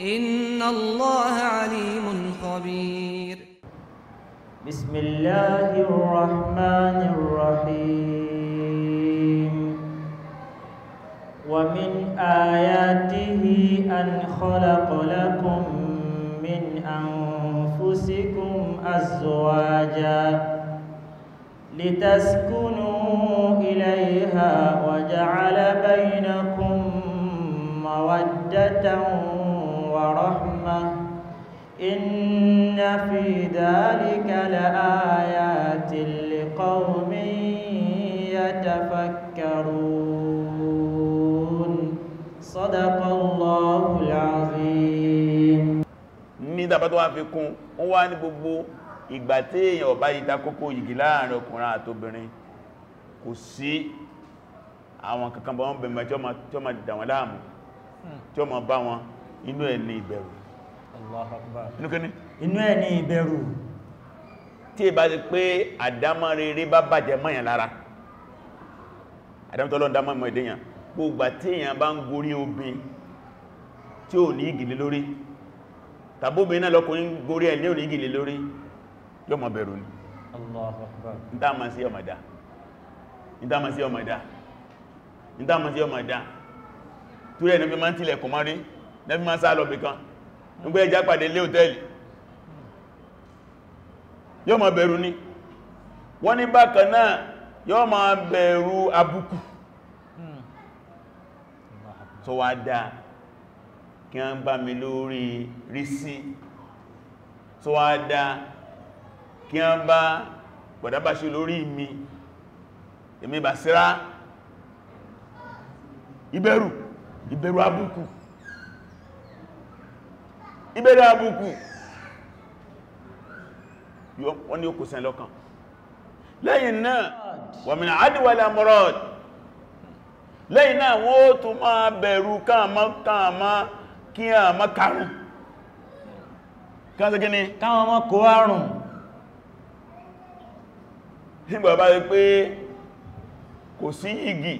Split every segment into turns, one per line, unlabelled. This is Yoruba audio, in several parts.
إن الله عليم خبير بسم الله الرحمن الرحيم ومن آياته أن خلق لكم من أنفسكم أزواجا لتسكنوا إليها وجعل بينكم مودة ورحمة إن في ذلك لآيات لقوم يتفكرون
صدق الله العظيم ní dábá tó wá fi kún ó wá ní gbogbo ìgbà tí èèyàn ọ̀bá ìdákókò yìí láàrin ọkùnrin àtobìnrin kò sí àwọn kankan bọ́n bẹ̀mẹ̀ tí ó ma dà wọn láàmú tí ó ma bá wọn inú ẹ̀ ní ìbẹ̀rù inú
inú ẹ̀ ní ìbẹ̀rù
tí ìbá ti pé àdámọ́ bá bàjẹ́ mọ́yàn lára àdámọ́tọ́lọ́ dámọ́ ìdíyàn gbogbo tí èyàn bá ń gorí obin tí ò ní ìgìlẹ̀ lórí tàbóbi náà lọ́kùnrin gorí ẹ̀ ní ìgìlẹ̀ lórí yóò bẹ̀rù ni Allahu Akbar ìdámọ́ sí ọmọdá ìdámọ́ sí ma bí ń nẹ́bí máa sáà lọ́bì kan nígbé ẹjá pàdé lé òtẹ́lì yóò máa bẹ̀rù ní wọ́n ní bákan náà yóò máa bẹ̀rù abúkù tó wá dáa kí a ń bá mi lórí rí sí tó wá dáa kí a ń bá gbọ̀dábáṣe lórí mi èmi bà síra ìbẹ̀rù ìbẹ̀rù abúkù ìbẹ̀rẹ̀ àbùkù wọ́n ni ó kò sẹ́ lọ́kàn lẹ́yìn náà wàmìnà àdíwàlà mọ́rọ̀d lẹ́yìn náà wọ́n ó tún máa bẹ̀rù kí igi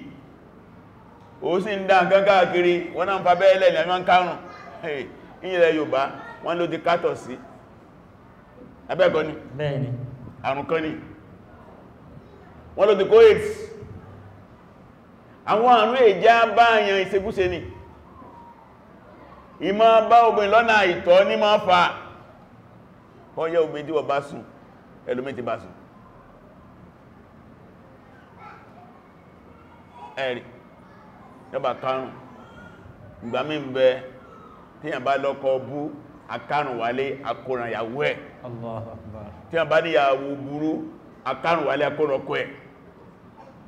ó sì ń dá nǹkan káàkiri wọ́n náà ń fa bẹ́ẹ̀lẹ̀ ilẹ̀ Yorùbá wọ́n ló di kátọ̀ sí abẹ́gọ́ ni bẹ́ẹ̀ni àrùn kan ni wọ́n ló di àwọn àrùn èjá bá àyàn ni ìmọ̀ bá obìnrin lọ́nà ní fa ọyẹ́ obìnrin tí bá sùn ẹlòmí bá sùn tíyàn bá lọ́kọ bú akárùnwálé akóranyàwó ẹ̀ Allahu Akbar tíyàn bá níyàwó burú akárùnwálé akórọkọ ẹ̀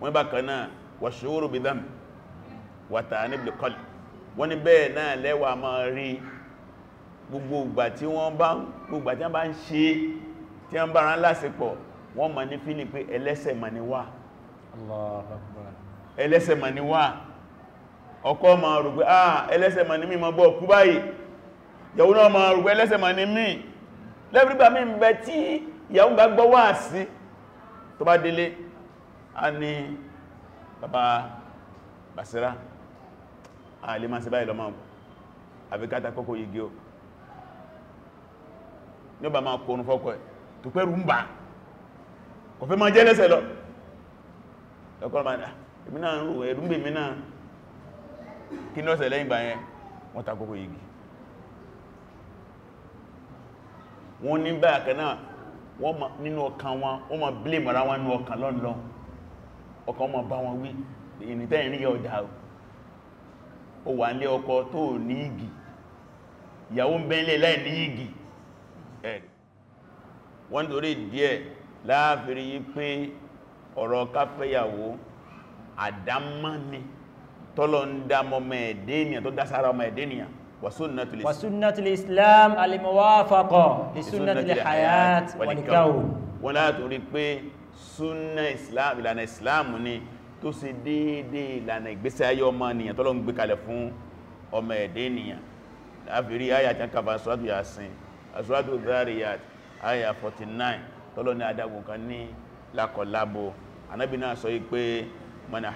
wọ́n bá kan náà wà ṣòro bí dám wàtà níbi kọlì wọ́n ní bẹ́ẹ̀ náà lẹ́wà máa rí gbogbo ìgbà tí wọ́n bá gbogbo tí wọ́n bá ń ṣe tí wọ́n bá rán lásìpọ̀ wọ́n ma ní fílì pé ẹlẹ́ṣẹ̀ mà ní Akbar ẹlẹ́ṣẹ̀ mà wà ọkọ ma rò pé ah ẹlẹ́sẹ̀ ma ní mí ma bọ́ kú báyìí yàwó náà ma rò pé ẹlẹ́sẹ̀ ma ní mí lẹ́bírígbà mí bẹ tí yàwó bá gbọ́ wà sí tó bá délé a ní bàbá Basira a lè máa ṣe báyìí lọ máa àbíkátà kókò yìí o ní ọba máa kọrùn fọ́kọ̀ ẹ̀ tó pẹ́rù ń bà kọfẹ́ máa jẹ́ lẹ́sẹ̀ lọ ah, ẹ̀kọ́ kí ní ọ̀sẹ̀ lẹ́yìn báyẹn wọ́n igi wọ́n ní báyà kanáà wọ́n ma nínú ọkàn wọn ma blame ara wọn ní ọkàn lọ́nlọ́n ọkàn ma bá wọn wí ìrìntẹ́ ìrìn ọjà o wà ní ọkọ tó ní igi ìyàwó ń láì ní igi ẹ̀rì wọ́n torí díẹ̀ pé ọ̀rọ̀ káfẹ́yàwó ni tọ́lọ ń dá mọ́mọ̀ ẹ̀dẹ́nìyàn tó dására ọmọ ẹ̀dẹ́nìyàn wàsúnnàtìlì islam alimowafakọ̀ ìsúnnàtìlì hayat wàlìkáwò wọ́n látorí pé súnnà islam ìlànà islam ni tó ṣe déédé ìlànà ìgbésẹ̀ ayé ọmọ ènìyàn 49 tọ́lọ ní adágún kan ní lákọ̀lábo anábìnà sọ yí pé mọ̀nà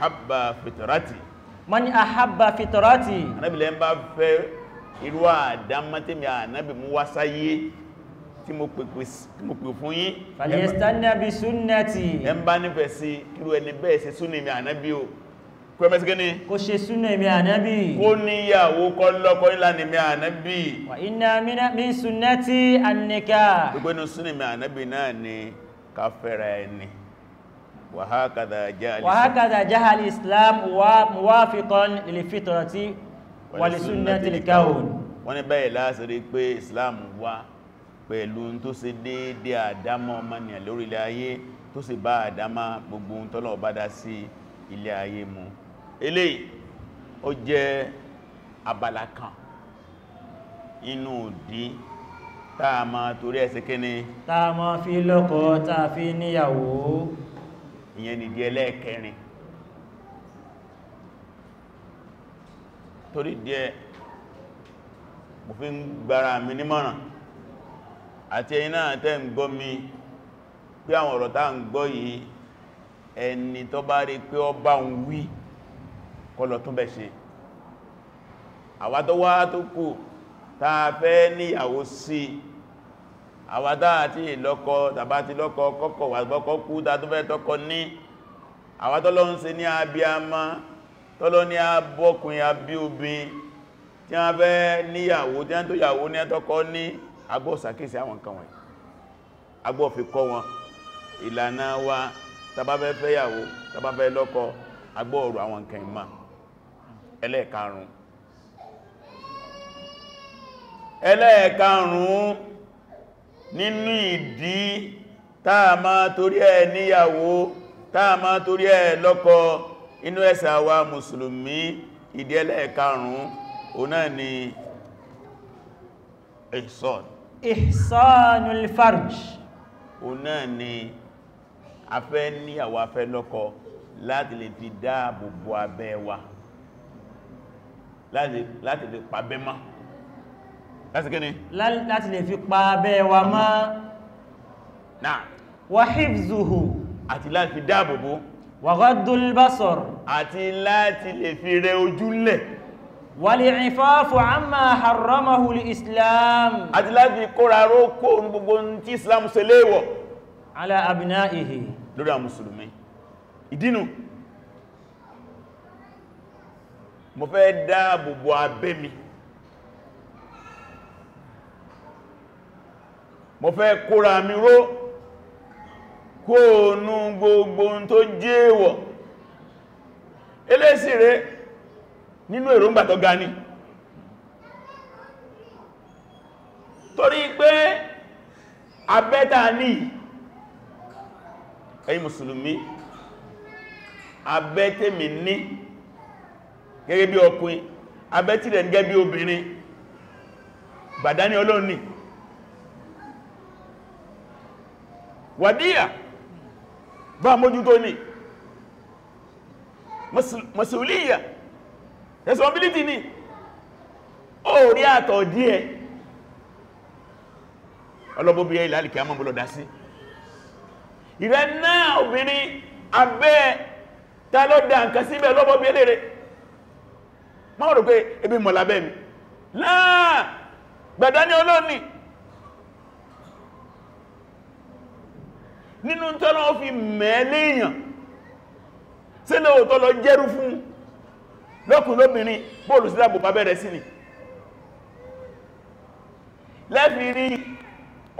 fitrati man ahabba fitrati Ànábì lẹ́ ń bá fẹ́ irú àdámátẹ́mì Ànábì mú wá sáyé tí mo pè fún yín fàlẹ̀stánà bí súnnàtì ẹ ń bá nífẹ̀ẹ́ sí irú ẹni bẹ́ẹ̀ ṣe súnnà mi Ànábì o pẹ́mẹ́sí gẹ́ni kó ṣe súnnà mi Ànábì kó níyàwó kọ́ lọ́kọ ìlànà mi Ànábì wà وهكذا جاء وهكذا جاء
الإسلام موافقا للفطرة
ولسنة الكون wọ́n ní báyìí láàṣírí pé Islam wá pẹ̀lú tó ṣe déédé àdámọ́ ọmọnìyàn lórílẹ̀ ayé tó sì bá àdámá gbogbo tọ́lọ̀ bá dá sí ilé ayé mu eléyìí ó jẹ́ abala inú òdí táà torí ẹsẹ̀ kíni
fi lọ́kọ táà fi níyàwó
ìyẹn nìdí ẹlẹ́ẹ̀kẹrin torí díẹ̀ mo fi ń gbára mi nímọ̀ràn àti ẹ̀yin náà tẹ́ ń gbọ́ mi pé àwọn ọ̀rọ̀ tá ń gbọ́ yìí ẹni tó bá rí pé ọ bá ń wí kọlọ tún bẹ̀ ṣe àwátọ́wá tó kù tá fẹ́ níyàwó sí i àwádá àti ìlọ́kọ tàbátí lọ́kọ kọ́kọ̀ wà gbọ́kọ́ kú tàtúfẹ́ tọ́kọ ní àwátọ́lọ́ ń ṣe ní abíamá tọ́lọ́ ní abọ́kùnrin abí obin tí a fẹ́ níyàwó tí a ń tó yàwó ní ẹtọ́kọ ní agbọ́ sàkíyèsí àwọn nǹkan wọ̀nyí agbọ́ fi kọ́ wọn ìlànà wa tàbáfẹ́ fẹ́ yàwó tàbáfẹ́ lọ́kọ agbọ́ ọ̀rọ̀ àwọn nǹkan ìmá ẹlẹ́ẹ̀karùn-ún ẹlẹ́ẹ̀karùn nínú ìdí táà máa torí ẹ̀ níyàwó táà máa torí ẹ̀ lọ́kọ inú ẹ̀sà wa mùsùlùmí ìdí ẹlẹ́ẹ̀karùn-ún ọ̀nà ni ihsan ihsanul farj ọ̀nà ni afẹ́ níyàwó afẹ́ lọ́kọ láti lè fi dáàbòbò abẹ́ wa láti lè pàbẹ́mọ́ láti gẹ́ni láti lè fi pa abẹ́ wa mọ́ náà wa hifzuhu àti láti fi dáàbòbò wa ghaddul basar àti láti lè fi rẹ ojúlẹ̀ wal i'fafu amma harramahu al-islam àti láti kóra rókó gbogbo tí islam ṣe léèwọ̀ mo fẹ́ dáàbòbò abẹ́ mi mo fẹ́ kóra mi ró kóònú gbogbo tó jéèwọ̀ eléèsì rẹ̀ nínú èròǹgbà tó ga ni torí pé abẹ́ta ní ẹ̀yin mùsùlùmí abẹ́tẹ̀mì ní gẹ́gẹ́ bí ọkùnrin abẹ́tìrẹ̀ gẹ́gẹ́ bí obìnrin bàdání ọlọ́ni wàdíyà bá mójútó ní masuliyya responsibility ní ó rí àtọ̀ díẹ̀ ọlọ́bọ̀bí ẹ̀ ìlàlìkì àmọ́ bọ́lọ̀dá sí ìrẹ náà obìnrin abẹ́ ta ló dá nǹkan síbẹ̀ lọ́bọ̀bí elére máa rò pé ebi mọ̀lábẹ́ mi láà gbàdání olóòní nínú tọ́lọ́ fi mẹ́lẹ́yàn sí lóòtọ́ lọ jẹ́rú fún lọ́kùn lóbìnrin bóòlù sí lábò bá bẹ̀rẹ̀ sí ni lẹ́fì rí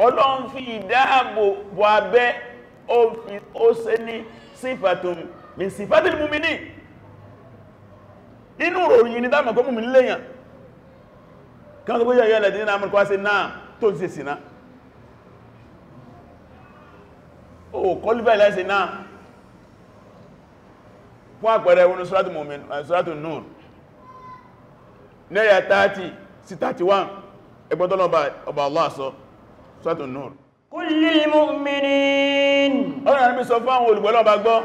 ọlọ́run fi ìdáàbò bò abẹ́ ó se ní sífàtún min sífàtún múmini inú ròyìn ní dámà kó múmini lèyàn kan tó gbé yẹ̀ yẹ̀ lẹ́dínlẹ́ àmì kọ́ sí náà tó ń se náà òkọlùbẹ̀ lẹ́sìn náà fún àpẹẹrẹ wọn sọ́rọ̀tù mọ̀mìn eh, sọ́rọ̀tù nùn nẹ́yà 30 sí 31 ẹgbọ́tọ́lọ ọba Allah asọ. nùn Ọ mu'minin ọ̀rọ̀ àrẹ́bí sọ fún àwọn olùgbọ́lọ́ba gbọ́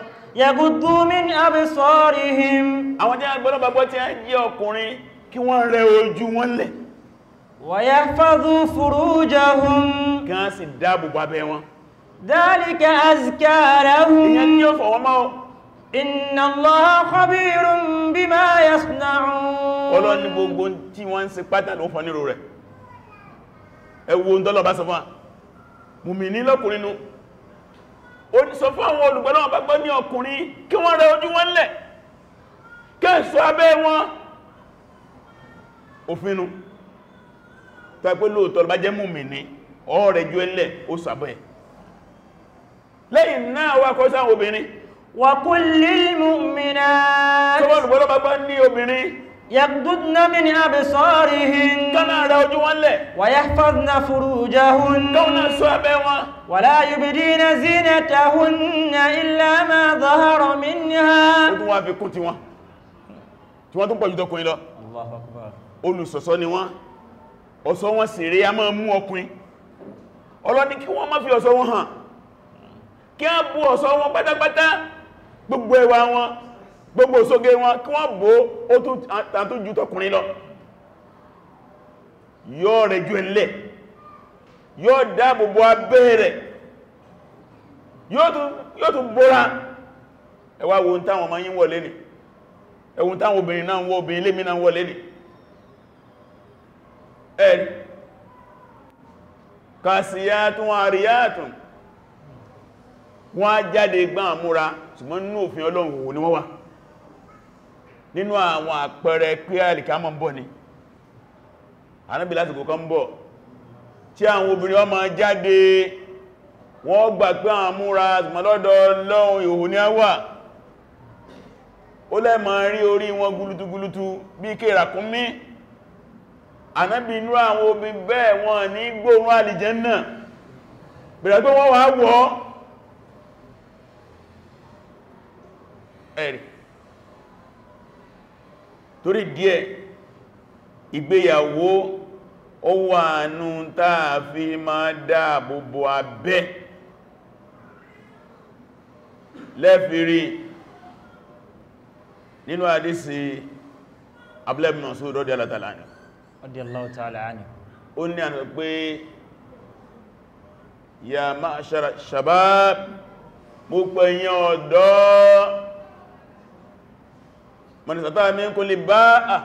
gbọ́ dhalika azkarahum ìyẹn ni ó fọwọ́ mọ́
inna Allaha
khabirun bima yasna'un ọlọ́ni gbogbo tí wọ́n ń ṣe pátá ló fọ́ nírò rẹ̀ ẹwọ ndọ́lọ̀ bá sọ fún wa mùmìnì lọ́kùnrin nu ó sọ fún àwọn olùgbọ́lọ́wọ́ bá gbọ́ ní ọkùnrin kí wọ́n rẹ ojú wọn lẹ̀ kẹ́ẹ̀sọ́ abẹ́ wọn òfinu tàbí lóòtọ́ bá jẹ́ mùmìnì ọ̀rẹ́ ju ẹlẹ̀ ó sàbẹ̀ lẹ́yìn náà wá kọ́ sáwọn obìnrin wa kullil mu'minat tó wọ́n lùgbọ́lọ́ bá gbá ní obìnrin yagdudna
min absarihin kánà rẹ ojú wọn lẹ̀ wa yahfazna furujahun kánà sọ abẹ́ wọn wala yubdina
zinatahunna illa ma zahara minha ó ọlọ́ni kí wọ́n má fi ọ̀sọ́ wọn hàn kí a bú ọ̀ṣọ́ wọn pátápátá gbogbo ẹwà wọn gbogbo sóge wọn kí wọ́n bó ó tún àtúnjú tọkùnrin lọ yóò rẹ̀ ju ẹlẹ́ yóò dáàbòbò abẹ́ rẹ̀ yóò tún bóra ẹwà wo táwọn ọmọ yín wọlé ni ẹwùn táwọn obìnrin náà wọ obìnrin náà ni kàsíyàtún àríyàtún wọ́n á jáde gbá àmúra ṣùgbọ́n nínú òfin ọlọ́run wò ní wọ́n wà nínú àwọn àpẹẹrẹ pé alìkámọ̀ ń bọ̀ ni anábì láti kò kán bọ̀ tí àwọn obìnrin ọmọ jáde wọ́n gbà pé àmúra ṣùgbọ́n lọ́dọ̀ ìhò ẹ̀rì torí díẹ̀ ìgbéyàwó ó wà nù táà fi máa dáàbòbò abẹ́ lẹ́fìrí nínú àdísì abúlẹ́bìnà sí rọ́dí alátàlá ni ó ní àná pé ya ma'ashara shabab mú pẹ̀yàn ọ̀dọ́ mọ̀nìsàtà mi kò lè bá à ah,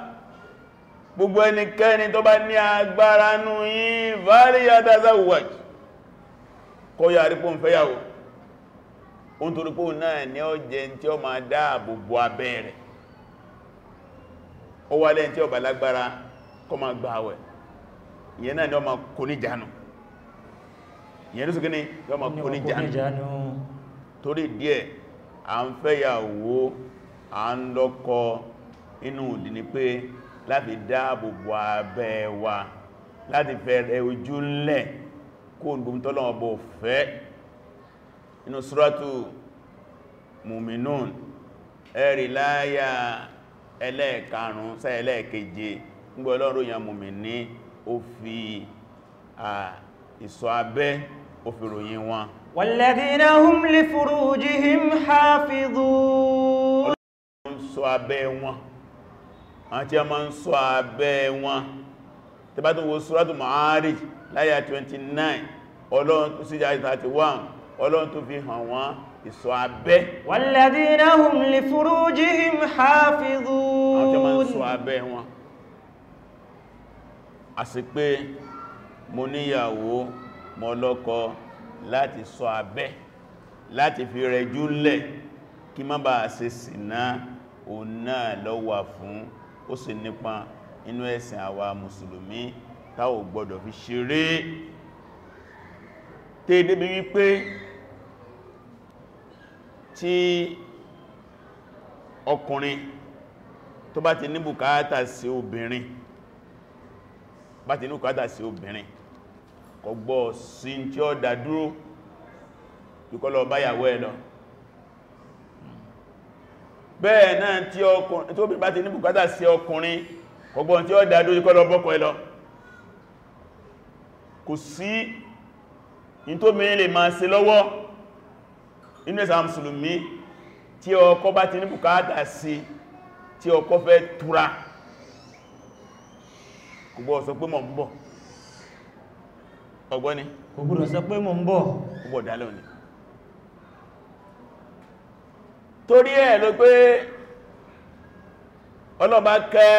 gbogbo ẹnikẹ́ni tó bá ní agbára nú yín fàárí yàtàzà wùwàjì kọ yà rí pò ń fẹ́yàwó o ń torí pò náà ní ọ jẹ tí ọ ma dáàbò bò abẹ́rẹ̀ ó wà lẹ́yìn ma gbà àwẹ̀ ìyẹn ma kò ní jánu ìyẹn ló torí díẹ̀ à ń fẹ́yàwó a ń lọ́kọ inú ìdí ni pé láti dáàbòbò wa láti fẹ̀rẹ̀ ojú ńlẹ̀ kó n gbogbo tọ́lọ́wọ́ bó fẹ́ inú suratu muminun ẹ̀rì láyà ẹlẹ́ẹ̀karùn sẹ́ ẹlẹ́ẹ̀keje nígbà ọlọ́run yàn mùmìní ó sọ abẹ́ wọn àwọn tí a máa ń sọ abẹ́ wọn tẹbá wo suratu Ma'arij láyà 29 ọlọ́run tó sí 31 ọlọ́run tó fi hàn wọ́n ìsọ abẹ́ walladhina láti sọ abẹ́ láti fi rẹjú lẹ̀ kí má bàa ṣe sìná òun náà ló wà fún ó sì nípa inú ẹ̀sìn àwa mùsùlùmí tá ò gbọdọ̀ fi ṣeré tẹ́ débi wípé tí ọkùnrin tó bá ti ní Bukata sí obìnrin bá ti ní bùkátà sí obìnrin kò gbọ́ sí tí ó dá dúró báyàwó ẹ̀ lọ bẹ́ẹ̀ náà tí ọkùnrin tó bípa ti ní bùkátà sí ọkùnrin ọgbọ̀n tí ó dá dójú kọ́ lọ bọ́kọ̀ ẹlọ kò sí in tó mẹ́rin lè máa ṣe lọ́wọ́ inú ẹ̀sà mùsùlùmí tí ọkọ bá ti ní bùkátà sí tí ọkọ fẹ́ túra kò sọ pé mò ń bọ̀ ọgbọ́ni ni torí ẹ̀ ló pé ọlọ́ba kẹ́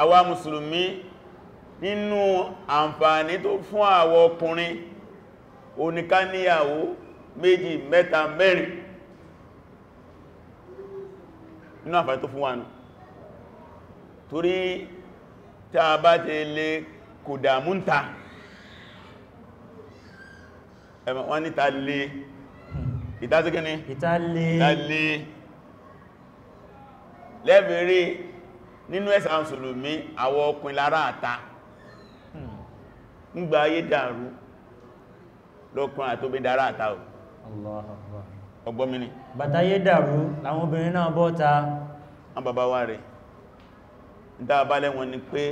àwa mùsùlùmí nínú àǹfààní tó fún àwa ọkùnrin oníkáníyàwó méjì mẹ́ta mẹ́rin nínú àǹfààní tó fún wa nù torí tí a bá ti lè kò dàmúnta ẹ̀mọ̀ wọ́n níta lè ìtàsí kí ni ìtàlé lẹ́bẹ̀ẹ́rẹ́ nínú ẹ̀sà mùsùlùmí àwọn ọkùnrin lára àta ń hmm. gba ayé dàrú lọ́kùn àtóbi dára àta ò bàtà bàtàyé dàrú láwọn obìnrin náà bọ́ta wọ́n bàbá wá rẹ̀ dáabalẹ̀ wọn ni pé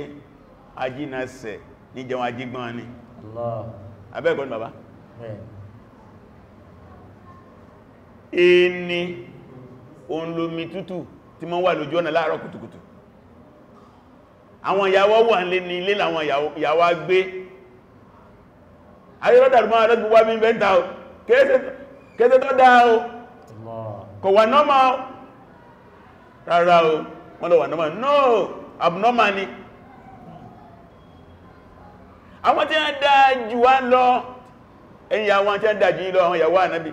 ajínasẹ̀ níjẹun ajígbọ́n ni abẹ́ẹ̀kọ́ ni bàbá ẹni òun lomi tútù tí mọ́ wà lójú ọ̀nà láàárọ̀ kùtùkùtù àwọn ìyàwó wà ń lé ní ilé làwọn ìyàwó gbé ayélọ́dàrúmọ́ alẹ́gbùgbà mi bẹ́ntà o kéèsẹ́ tó dáa o kò wà nọ́mà o o wọ́n lọ wà nọ́mà no abnormal ni àwọn tí wọ́n dáa jù wá lọ ẹ̀yìn àwọn tí wọ́n dáa jù lọ àwọn ìyàwó ànábì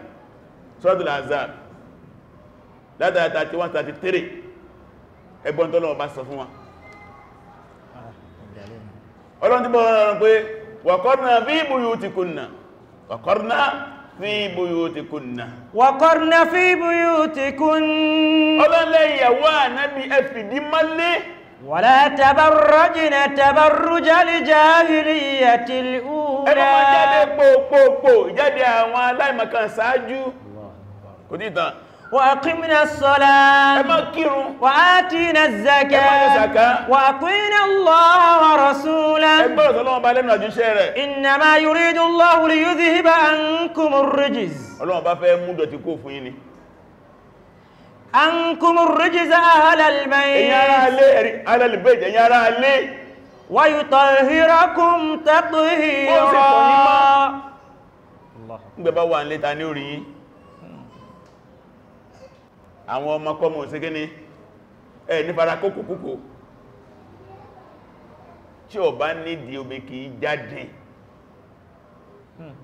suratul Ahzab látàrí 31-33 ẹgbọ́n tó lọ́wọ́ bá sọ fún wa ọlọ́run tí bọ́ọ̀rọ̀ rọrùn pé waqarna fi buyutikunna waqarna fi buyutikunna waqarna fi buyutikunna ọlọ́lẹ̀ ìyàwó ànábì ẹfìdí mọ́lé wala
tabarrajna tabarrujal jahiliyatil ula ẹgbọ́n
jáde pòpòpò jáde àwọn aláìmọ̀kan sáájú kò tí tàn wà kíminà sọ́lá ẹ má kírun wà á tí na zaka
wà kúinà lọ́wọ́ rasúlá ẹgbẹ́rẹ̀
tọ́lọ́wọ́ bá lẹ́nu àjúṣẹ́ rẹ̀ ìnàmà yuridu lọ́wọ́ lè yóò zíhìbá an kúmù ríjìs ọlọ́wọ́ bá fẹ́ mú ni
an kúmù
àwọn ọmọkọmọ òsì gíní ẹ̀ ní fara kókò kókò tí ó bá nídìí omi kì í jáde hmm.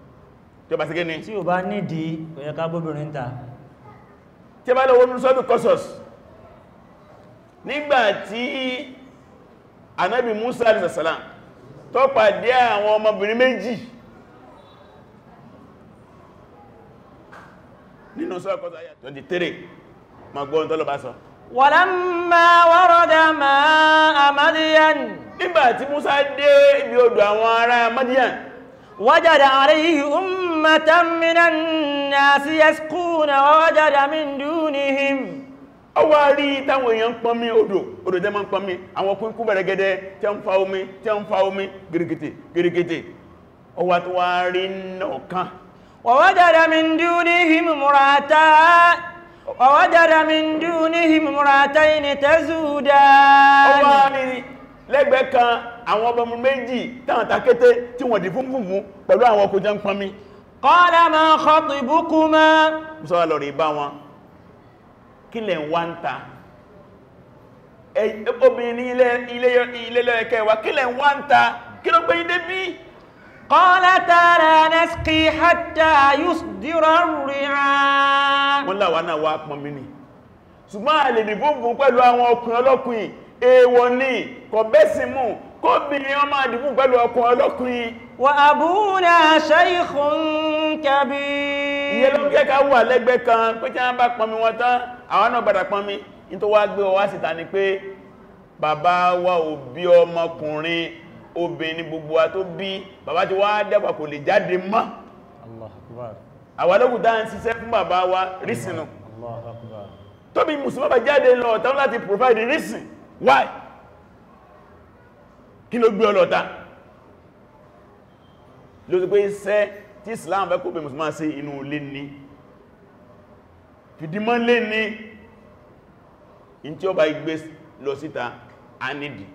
tí ó bá sí gíní tí ó bá nídìí kò yẹ ká gbóbìnrin ta tí ó bá lọ wọnú sọ́dún kọsọ̀s nígbàtí anábì Musa alìsàsàlá tó pàdé àwọn ọmọbìnrin méjì nínú sọ́kọ́sọ́ 23 ma gbọ́n tọ́lọ bá sọ
walamma warada ma'a Madiyan nígbàtí Musa dé ibi odò àwọn ará Madiyan wajada alayhi
ummatan minan nasi yasquna wa wajada min dunihim ọwọ́ rí táwọn èèyàn pọnmi odò odò tẹ́ máa ń pọnmi àwọn kúnkún bẹ̀rẹ̀ gẹ́dẹ́ tẹ́ ń fa omi tẹ́ ń fa omi gírígìtì gírígìtì ọwọ́ tó wá rí náà kan
wa wajada min dunihim murata ọ̀wọ́dára mi ń dú ní ìmúratá ìní tẹ́zùdá ó wá rí
lẹ́gbẹ̀ẹ́ kan àwọn ọmọ méjì táwọn takété tí wọ́n dì fún fúnfún pẹ̀lú àwọn ọkọ̀ ń pọnmi kọ́lá ma kọ́tù ìbúkú mọ́ sọ́wọ́ lọ rí bá wọn kí lẹ̀ ń kọ́lẹ́tà rẹ̀ حتى يصدر yusdírọ̀ rìnà wọ́n láwá náà wá pọn mi ni ṣùgbọ́n a lè dìbò fún pẹ̀lú àwọn ọkùnrin ọlọ́kùnrin èèwọ̀ ni kò bẹ́sìn mú kóbìnrin ọmọ àdìbò pẹ̀lú ọkùnrin ọlọ́kùnrin wà àbúrà ṣẹ́ìkùn kẹbí iye ló jẹ́ ká wà lẹ́gbẹ́ kan pé tí wọ́n bá pọnmi wọn tán àwọn náà padà pọnmi ní tó wá gbé ọwá síta ni pé bàbá wa òbí ọmọkùnrin obìnrin ni gbogbo wa tó bí bàbá ti wá dàgbà kò lè jáde mọ́
Allahu Akbar
àwàlọ́gùn dáa ń ṣiṣẹ́ fún bàbá wa rísìnà
Allahu Akbar
tóbi musulman bá jáde lọ ọ̀tán láti provide reason why kí ló gbé ọlọ́ta ló ti pé iṣẹ́ tí Islam fẹ́ kó bí musulman sí inú ilé ní fìdímọ́ lé ní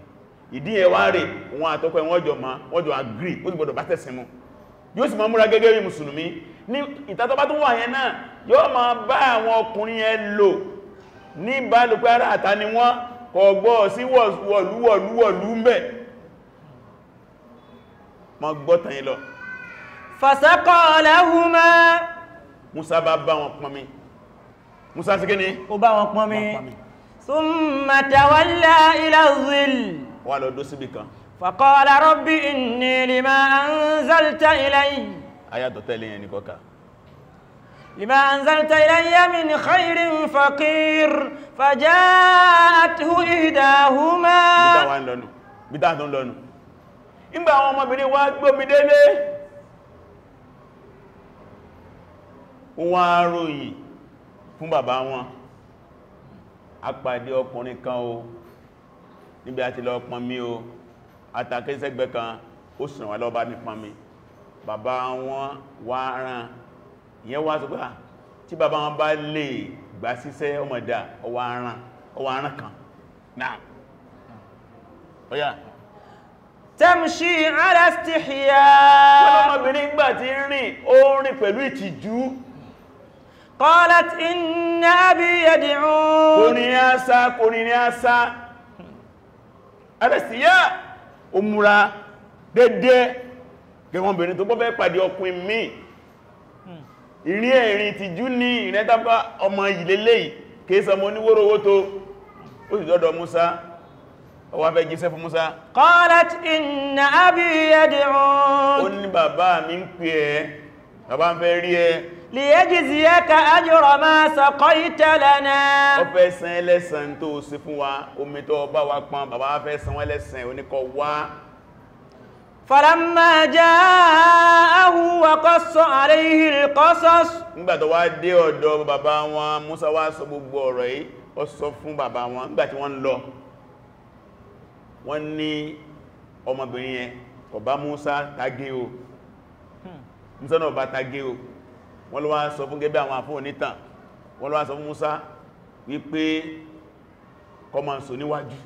ìdí ẹ̀ wá rẹ̀ wọn àtọ́kọ̀ wọn jọ ma wọ́n jọ agree ó ti gbọdọ̀ bá tẹ̀sìn mu yóò sì máa múra gẹ́gẹ́ bí mùsùlùmí ní ìtàtọ́bá tó wà yẹn náà yóò máa bá àwọn ọkùnrin yẹn lò ní ìbálòpọ̀ ara àta ni wọ́n kò gbọ́ sí wọ̀lúwọ̀lúwọ̀lú ń bẹ̀ ma gbọ́tàn yìí lọ Musa bá ni ó bá wọn pọnmi
thumma tawallā
wọ́n lọ dó síbì kan
faqala rabbi inni lima anzalta ilayya
ayàtọ̀ tẹ́lé yẹn ní kọ́ka
لما أنزلت إلي من خير فقير فجاءته إهداهما
bídáhùn lọ́nu ìgbà àwọn ọmọbìnrin fún bàbá wọn a pàdé ọkùnrin kan o níbi àti lọ pọn mi o àtàkẹ́sẹ́gbẹ́ kan ó sùn wọ́n lọ bá mi pọn mi bàbá wọn wá rán ìyẹn wá sọ pé tí bàbá wọn bá lè gbà síṣẹ́ ọmọdá ọwọ́ aràn kan náà ọ̀yá tẹ́mṣí
alastihya ọlọ́mọbìnrin
gbà ti rìn ó rìn pẹ̀lú ìtìjú alẹ́sìyá o múra dédé gẹ̀wọ̀n obìnrin tó gbọ́fẹ́ pàdé ọkùnrin mi ìrí ẹ̀rin ti jú ní ìrẹ́tàbá ọmọ ìlélẹ̀ kéèsà mọ́ níwórówó tó ó sì dọ́dọ̀ Musa lìyẹ́jìzìyẹ́ka ajọ́rọ̀ máa sọ̀kọ́ ìtẹ́lẹ̀nà fẹ́ san ẹlẹ́sàn tó sí fún wa omi tó bá wa bàbá fẹ́ san ẹlẹ́sàn oníkọ wá falamma ja'ahu wa qassa alayhi wá dé ọ̀dọ̀ bàbá wọn Musa wá sọ gbogbo ọ̀rọ̀ yìí ó sọ fún bàbá wọn lọ wọ́n ní ọmọbìnrin yẹn Musa tagé o hmm. Musa wọ́n ló wá sọ fún gẹ́gẹ́ àwọn àfún onítàn wọ́n ló sọ fún Musa wípé kọmọ sọ níwájú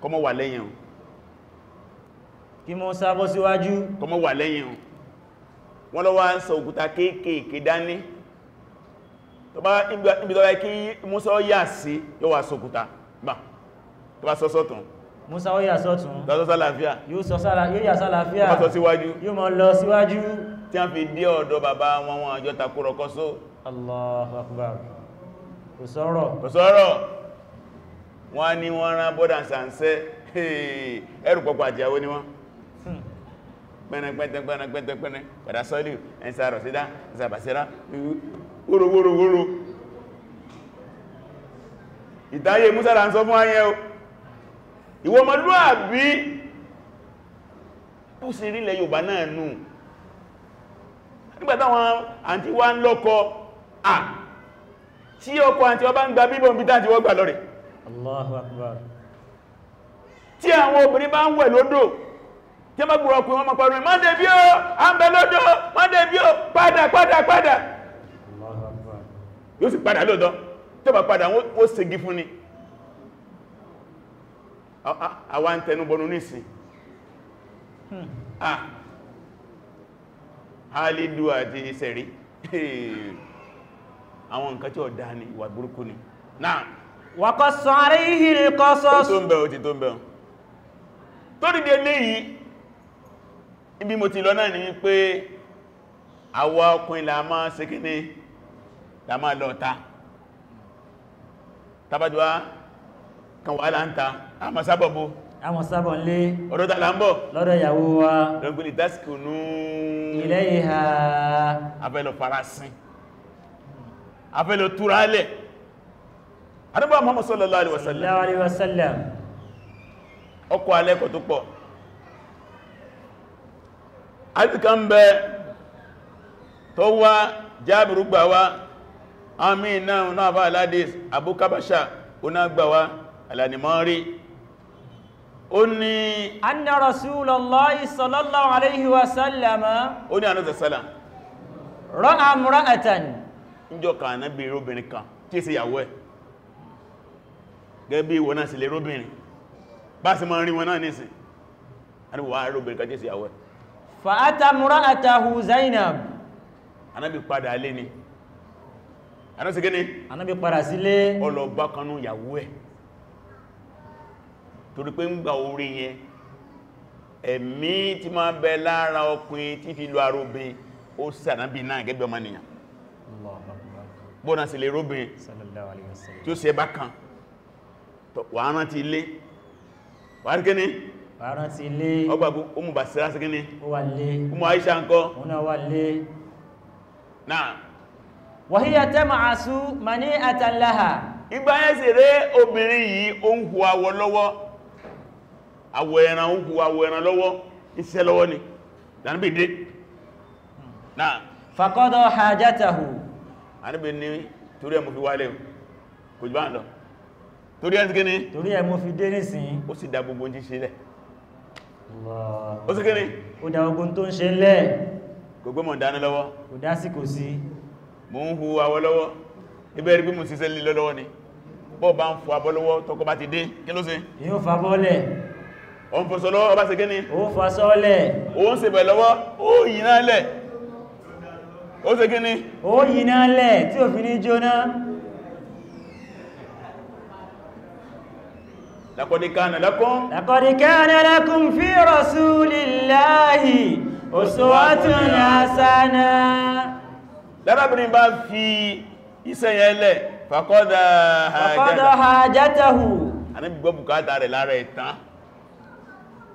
kọmọ wà lẹ́yìn o kí Musa bọ́ síwájú kọmọ wà lẹ́yìn o wọ́n ló wá ń sọ òkúta kéèkèé dání tó bá níbi tó kí Musa ó yà sí yóò wá sókúta gbà tó bá sọ sọ́tún Musa ó yà sọ́tún yóò sọ sálàáfíà yóò yà sálàáfíà yóò mọ́ lọ síwájú tí a fi dé ọ̀dọ̀ bàbá wọn wọn àjọ takúrọ kọ́só
Allahu
Akbar kò sọ̀rọ̀ kò sọ̀rọ̀ wọ́n ní wọ́n rán bọ́dà sàǹsẹ́ ẹrù pọ̀pọ̀ àjíyàwó ni wọ́n pẹ́nẹpẹ́tẹ́ hmm. pẹ́nẹpẹ́tẹ́ pẹ́nẹ padà sọ́lù ẹnsàrọ̀ sídá ìsàbàsíra wórówórówóró ìtàyè músára ń sọ fún ayẹ́ o ìwọ ọmọlúwàbí púsìrí ilẹ̀ Yorùbá náà nù nígbàtàwọn àti wá ń lọ́kọ à tí ọkọ àti ọba ń gba bíbọn bí tàbí wọ́n gbà lọ rẹ̀
Allahu Akbar
tí àwọn obìnrin bá ń wẹ̀ lódò tí a bá gbùrọ̀ ọkùnrin wọn máa pàrọ̀ má dé bí ó a ń bẹ lódò má dé bí ó padà padà padà yóò sì padà lódò tó bá padà ó segi fún ni àwa ń tẹnubọnú nísìn ah hmm. hallelujah ti seri awon nkan ti o iwa ni wa buruku na wa qasarihi alqasas to nbe o ti to nbe to ri de leyi ibi mo ti lo na ni pe awa okun la ma se kini la ma lo ta tabajwa kan wa la nta a ma sababu táwọn sábọ̀ ń lé ọ̀dọ̀ tààlà ń bọ̀ lọ́dọ̀ ìyàwó wa lọ́gbìn ìtàsìkònú ilẹ̀ ìhà abẹ́lọ farasin abẹ́lọ túrálẹ̀ adúgbà Muhammad sallallahu alaihi wasallam ọkọ̀ alẹ́kọ̀ tó pọ̀ àríkà ń bẹ tó wá jábìrú gbà wá àmì náà náà bá aládìs abúkábáṣà oná gbà wá rí ó ní anna rasulallahi sallallahu alaihi wasallama ó ní anúta sálà rọ́nà mura'atan níjọ́ ka na bí robinrin kan tí sí yàwó ẹ̀ gẹ́bí wọ́n náà sí lè robinrin bá sí ma rí wọn náà nìsìn aníwà robinrin kan tí sí yàwó ẹ̀
fa'ata mura'atahu
zainab anábi padà lé ni anábi padà sílé ọlọ́gbákanú yàwó ẹ̀ torí pé ń gba orí yẹn ẹ̀mí tí máa bẹ lára ọkùnrin tí fi lọ aróbin ó sànábì náà bi ọmọ bọ́nà sí lè róbin tí ó ṣe bá kan wà á rántí ilé wà á rí kíní wà ọgbàgbó ó mú sí rásí kíní ó wà lé ó àìṣà ńkọ́ wàhíyà tẹ́mà àṣú rẹ̀ obìnrin yìí ó àwọ̀ ẹran ń hu àwọ̀ ẹran lọ́wọ́ iṣẹ́ lọ́wọ́ ni lánàbí dé náà fàkọ́dọ̀ hajjátàhù àníbì ní torí ẹmù fi wálé kò jù bá ń lọ torí ẹmù gíní torí ẹmù fi dé nísìn ó sì dá gbogbo jí dá ogun tó ń ṣe lẹ́ kò gbé mọ̀ dání lọ́wọ́ kò dá sí kò sí mò ń hu àwọ̀ lọ́wọ́ ibẹ̀ rí bí mo ṣiṣẹ́ lé lọ́wọ́ ni bọ́ bá ń fọ abọ́ lọ́wọ́ tọkọ bá ti dé kí ló ṣe yóò fa bọ́ọ̀lẹ̀ o ń fọ́sọ́ lọ́wọ́ ọba ṣe gíní o ń fọ́sọ́ o ń ṣe bẹ̀ lọ́wọ́ ó yìnà lẹ̀ ó ṣe gíní ó yìnà lẹ̀ tí ò fi ní jóná laqad kana
lakum laqad kana lakum fi rasulillahi uswatun
hasana fi iṣẹ́ yẹn lẹ̀ faqada hajatahu a ní gbọ́ bùkátà rẹ̀ lára ìtàn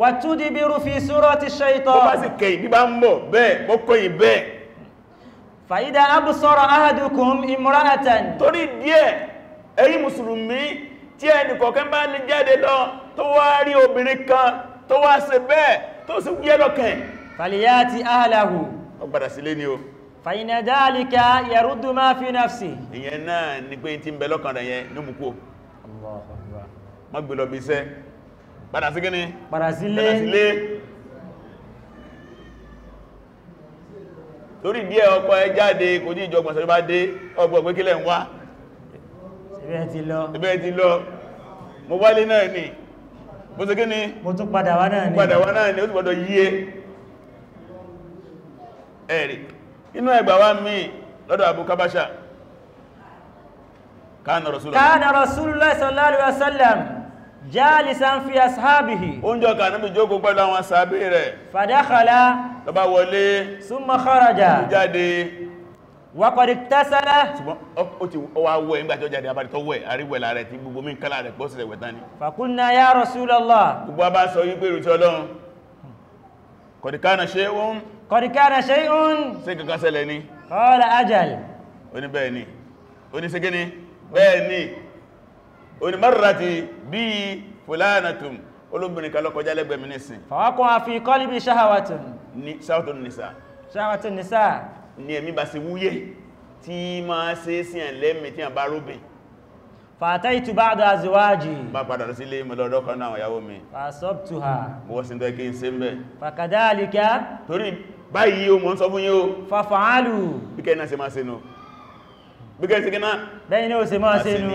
wàtúdí bí rúfi súrọ́ ti ṣaitọ́ bó bá sì kẹ̀yìn bí bá ń bọ̀ bẹ́ẹ̀ mọ́ kọ̀yìn bẹ́ẹ̀ fàídà abúsọ́rọ̀ ahadukum imranatan torí díẹ̀ ẹ̀yin mùsùlùmí tí ẹnìkọ̀ọ̀kan bá ní jáde lọ tó wá rí obìnrin kan tó wá ṣe bẹ́ẹ̀ tó sì wúyẹ́ lọ́kẹ̀
fàlìyàtì
padà sí gíní padà sílé torí díẹ̀ ọkọ ẹ jáde kò ní ìjọgbọ̀n sọ́rọ̀ bá dé ọgbọ̀ pé kílẹ̀ ń wá ẹbẹ́ ti lọ mo wálé náà ni bó sí gíní mo tún padà wá náà ni padà wá náà ni ó ti gbọ́dọ̀ yíé ẹ̀rì inú ẹgbà wá míì lọ́dọ̀ Abu Kabasha kana Rasulullah
kana Rasulullah sallallahu alaihi wasallam jalisan fi
ashabihi oúnjẹ ọkà níbi jókòó pẹ̀lú àwọn sàábí rẹ̀ fàdákàlá ló bá wọlé súnmọ́ kharaja jáde waqad iktasala ṣùgbọ́n ó ti wá wẹ̀ nígbà tó jáde abájítọ́ wẹ̀ àríwẹ̀ láàrẹ̀ tí gbogbo mí kálà rẹ̀ pọ́ sílẹ̀ wẹ̀tání faqulna ya rasulallah gbogbo a bá sọ yí pé ìrùtí ọlọ́run qad onímọ̀rọ̀láti bi i fulanatum olóbìnrin kan ló kọjá lẹ́gbẹ̀ẹ́ mi nísìn fàwákùn àfi kọ́líbí ṣáhàwàtún ní ṣáhàtún nìsà ṣáhàtún nìsà ni ẹ̀mí bá ṣe wúyé tí máa ṣe sí ẹ̀ lẹ́mì tí a bá róbìn fàtà ìtù bá dá àzíwájì bá padà lọ sílé mọ́lọ́dọ́ kan náà yàwó mi fàṣọ́pùtùhà bọ́ sí tó kí n ṣe ń bẹ̀ fàkàdáàlìkà torí bí kẹ́ náà ṣe máa ṣe nù bẹ́yìn náà ṣe máa ṣe nù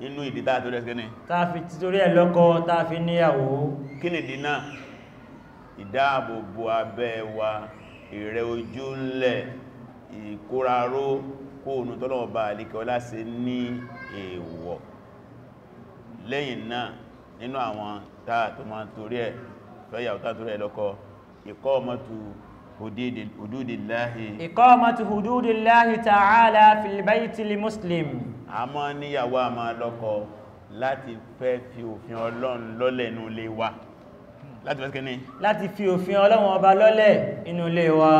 inú ìdí tàà tó rẹ̀sẹ̀ ní
tààfi títorí ẹ̀ lọ́kọ tààfi níyàwó
kí ni dínà ìdáàbòbò abẹ́ wa ìrẹ́ ojú ńlẹ̀ ìkóraró kóònù tọ́lọ̀ọ̀bá àlíkẹ́ ọlá ṣe ní èèwọ̀ lẹ́yìn náà nínú àwọn tàà tó máa torí ẹ̀ fẹ́yàwó tàà torí ẹ̀ lọ́kọ ìkọ́ ọmọtù hudúdìláhì
ìkọ́ ta'ala fil bayti li muslim
a mọ́ níyàwó a máa lọ́kọ láti fẹ́ fi òfin ọlọ́run lọ́lẹ̀ inú ilé wa láti fẹ́ kíní láti fi òfin ọlọ́run ọba lọ́lẹ̀ inú ilé wa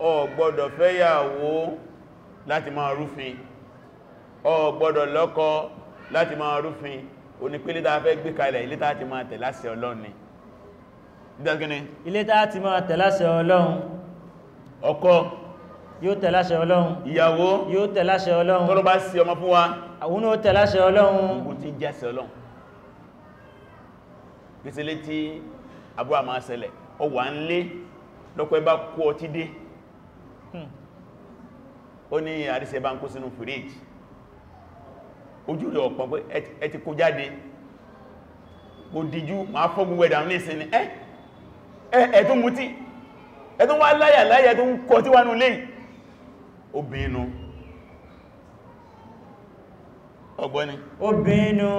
o gbọ́dọ̀ fẹ́yàwó láti máa rúfin o gbọ́dọ̀ lọ́kọ láti máa rúfin o ní pé ilé tàà fẹ́ gbé kalẹ̀ ilé tàà ti máa tẹ̀láṣẹ ọlọ́run ni ilé tàà ti máa yóò tẹ̀láṣẹ ọlọ́run ìyàwó yóò tẹ̀láṣẹ ọlọ́run tọ́rọ bá sí ọmọ fún wa àwọn ó tẹ̀láṣẹ ọlọ́run gbogbo tí jẹ́sẹ̀ ọlọ́run pèsèlé tí abúwà máa ṣẹlẹ̀ ọ wà ń lé lọ́pọ̀ ẹbá kú ọtí dé hmm. ó ní àrísẹ̀ bá ń kó sínú fìríjì ojú rẹ̀ ọ̀pọ̀ pé ẹ ti kó jáde kò díjú máa fọ́ gbogbo ẹ̀dà ní ìsinmi ẹ tó mutí wá láyà láyà tó ń kọ tí wà nù léyìí obìnú ọgbọ́ni obìnú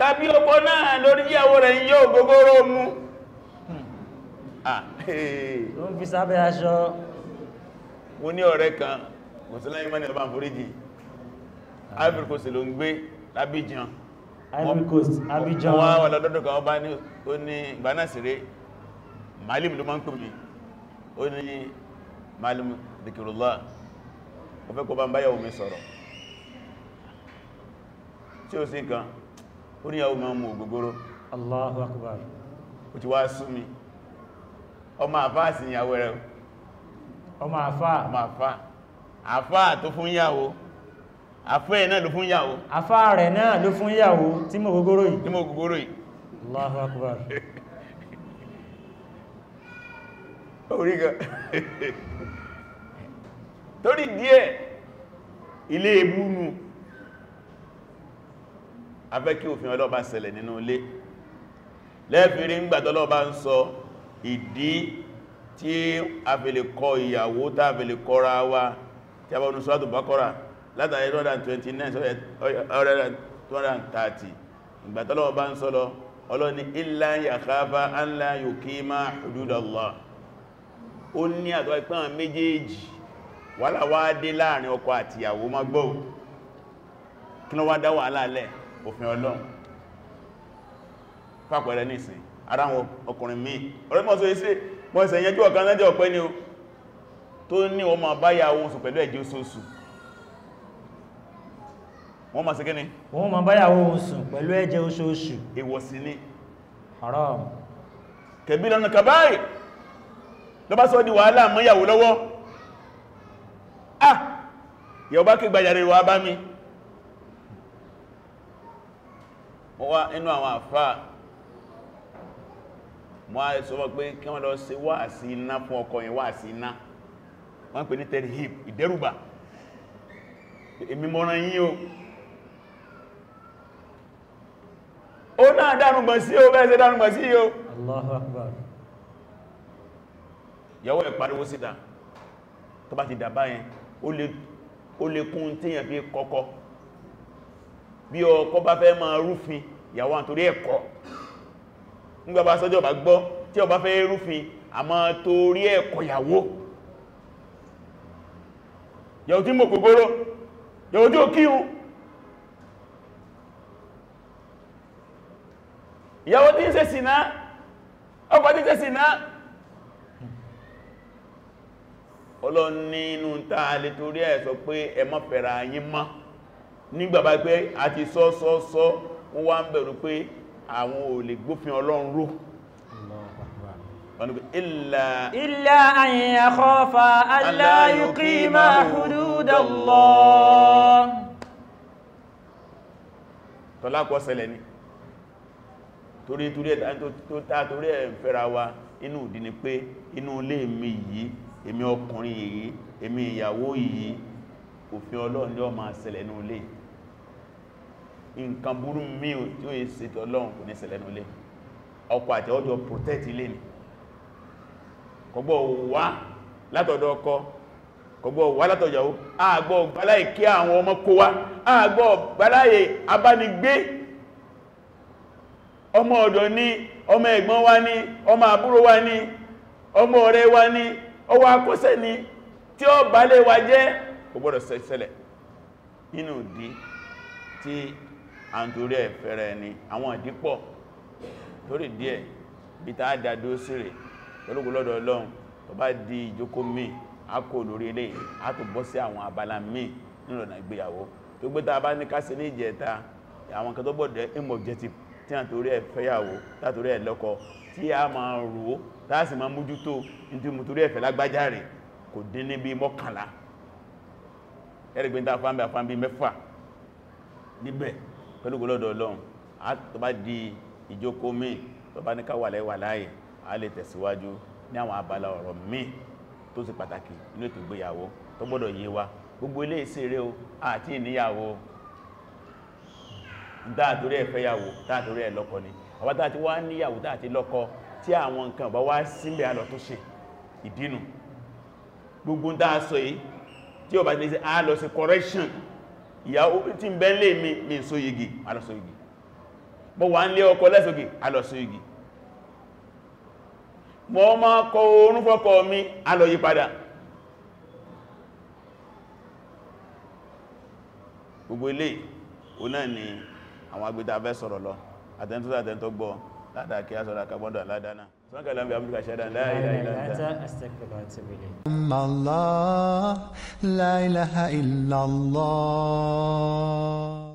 tàbí ọkọ náà lórí ìyàwó rẹ̀ yóò gogoro mú ó ń fi sábẹ́ aṣọ mo ní ọ̀rẹ́ kan mùsùlùmí mọ́ ní ọba àforíjì Ivory Coast ló ń gbé l'Abidjan
Ivory Coast Abidjan wọ́n wà
lọ́dọ́dọ́ kan ọba ní ìgbà náà sí rẹ̀ Malim ló máa ń pè mí ó ní malim dìkìrùlá o fẹ́ kó bá ń bá yàwó mi sọ̀rọ̀ tí ó sí kan ó ní yàwó ma mú ògógóró Allahu Akbar o ti wá súnmi ọmọ àfáà sí ìyàwó rẹ̀ ọmọ àfáà ọmọ àfáà àfáà tó fún yàwó àfáà ẹ̀ náà ló fún yàwó àfáà rẹ̀ náà ló fún yàwó tí mọ̀ ògógóró yìí orígan torí díẹ̀ ilé ebúnú afẹ́ kí òfin ọlọ́ọ̀bá ṣẹlẹ̀ nínú ilé lẹ́fìrí ńgbàtọ́lọ́ọ̀bá ń a fi lè kọ ìyàwó tá a fi lè kọ́ra wa tí a bá ní sọ́látù Bákọ́rà látàrí 129 ìgbàtọ́lọ́ọ̀bá illa yakhafa an la yuqima hududallah ó ní àtọ́ ìpán méjèèjì wàhálà wá dé láàrin ọkọ àti ìyàwó má gbọ́ kí ló wá dá wàhálà lẹ̀ òfin ọlọ́run fàpẹ̀rẹ̀ nìsìn ara wọn ọkùnrin míì ọ̀rẹ́mọ́sọ isẹ́ mọ́ ìsẹ̀ yẹn jú ọ̀kan lẹ́jẹ́ ọ̀pẹ́ ni o tó wọ́n ma bá wọ́n ma ṣe oṣù pẹ̀lú ẹ̀jẹ́ oṣooṣù ìwọ̀sí ni haram kẹbí lọ́nà kàbáyìí lọ bá sọ di wàhálà mọ́yàwó lọ́wọ́ ah yàwó bá kí gbàjàre wà bá mi wọ́n wá inú àwọn àfà mọ́ a sọ wọ́n pé kí wọ́n lọ ṣe wáàsí iná fún ọkọ yẹn wáàsí iná wọ́n pè ní tẹ́rì hip ìdẹ́rùbà èmi Akbar yàwó ẹ̀ pariwo síta tó bá ti dàbá yẹn ó lè kún tíyàn fi kọ́kọ́ bí ọkọ bá fẹ́ máa rúfin yàwó àntorí ẹ̀kọ́ nígbàbá sọ́jọ́ bá gbọ́ tí ó bá fẹ́ rúfin a máa torí ẹ̀kọ́ yàwó yàwó tí mọ̀ gbogbo yàwó tí ó kírun yàwó tí ń ṣe sìná ọkọ tí ń ṣe ọlọ́run nínú tá a lè torí ẹ̀ sọ pé ẹ má fẹ́ra yín mọ́ nígbàbá pé a ti sọ sọ sọ wọ́n wá ń bẹ̀rù pé àwọn ò lè gbófin ọlọ́run ró torí ẹ̀ tó tá torí ẹ̀ fẹ́ra wa inú ìdí ni pé inú ilé mi yìí èmi ọkùnrin yìí èmi ìyàwó yìí òfin ọlọ́run ní ọmọ àṣẹlẹ̀nú ilé nǹkan burú mi ò tí ó yẹ ọlọ́run kò ní ṣẹlẹ̀nú ilé ọkọ àti ọjọ́ protect ilé ni kọgbọ́ látọ̀dọ̀ ọkọ kọgbọ́ wá látọ̀yàwó ọmọ abanigbe ọ̀rẹ́ wa ni ọwọ́ akọ́sẹ́ ni tí ó bá lè wà jẹ́ ọgbọ́dọ̀ sẹ́sẹ́lẹ̀ inú dí tí a ń torí ẹ̀fẹ́rẹ̀ ni àwọn ìdípọ̀ torí díẹ̀ bí ta dàdó di ìjókòó mi a kò lórí ilé a tó bọ́ sí àwọn abala mi nílọ̀nà ìgbéyàwó tó gbé ta bá ní kásí ní ìjẹta àwọn kan tó gbọ́dọ̀ imobjective tí a torí ẹ̀fẹ́yàwó tí a ma rò láti ma mójútó ní mùtúrí ẹ̀fẹ̀ lágbájá rẹ̀ kò dín ní bí mọ́kànlá ẹ̀rẹ̀gbẹ̀ ní àfáàmì àfáàmì mẹ́fà níbẹ̀ pẹ̀lú gọlọ́dọ̀ ọlọ́run a di mi a abala mi to si pataki o àti dáàtorí ẹ̀fẹ́yàwó dáàtorí ẹ̀lọ́kọ ni àwọn tàà ti wá níyàwó tàà ti lọ́kọ tí àwọn nǹkan bá wá sílẹ̀ alọ̀ tó ṣe ìdínú gbogbo tàà sọ yìí tí ó bá ti ṣe alọ̀ sí correction ìyàwó tí ń bẹ lè mi mi sọ yìí alọ̀ sọ yìí mọ́ wà ń lé ọkọ lẹ́sọ̀gì alọ̀ yìí mi alọ̀ yí padà gbogbo ilé òun náà ni àwọn agbẹ́ta fẹ́ sọ̀rọ̀ lọ àtẹ́ntútà àtẹ́ntọ́gbọ́ ládàkí àsọ̀rọ̀ àkàbọ́dọ̀ aládánà sọ́nkà lábí àmúríkà ṣẹ́dà
la ilaha illallah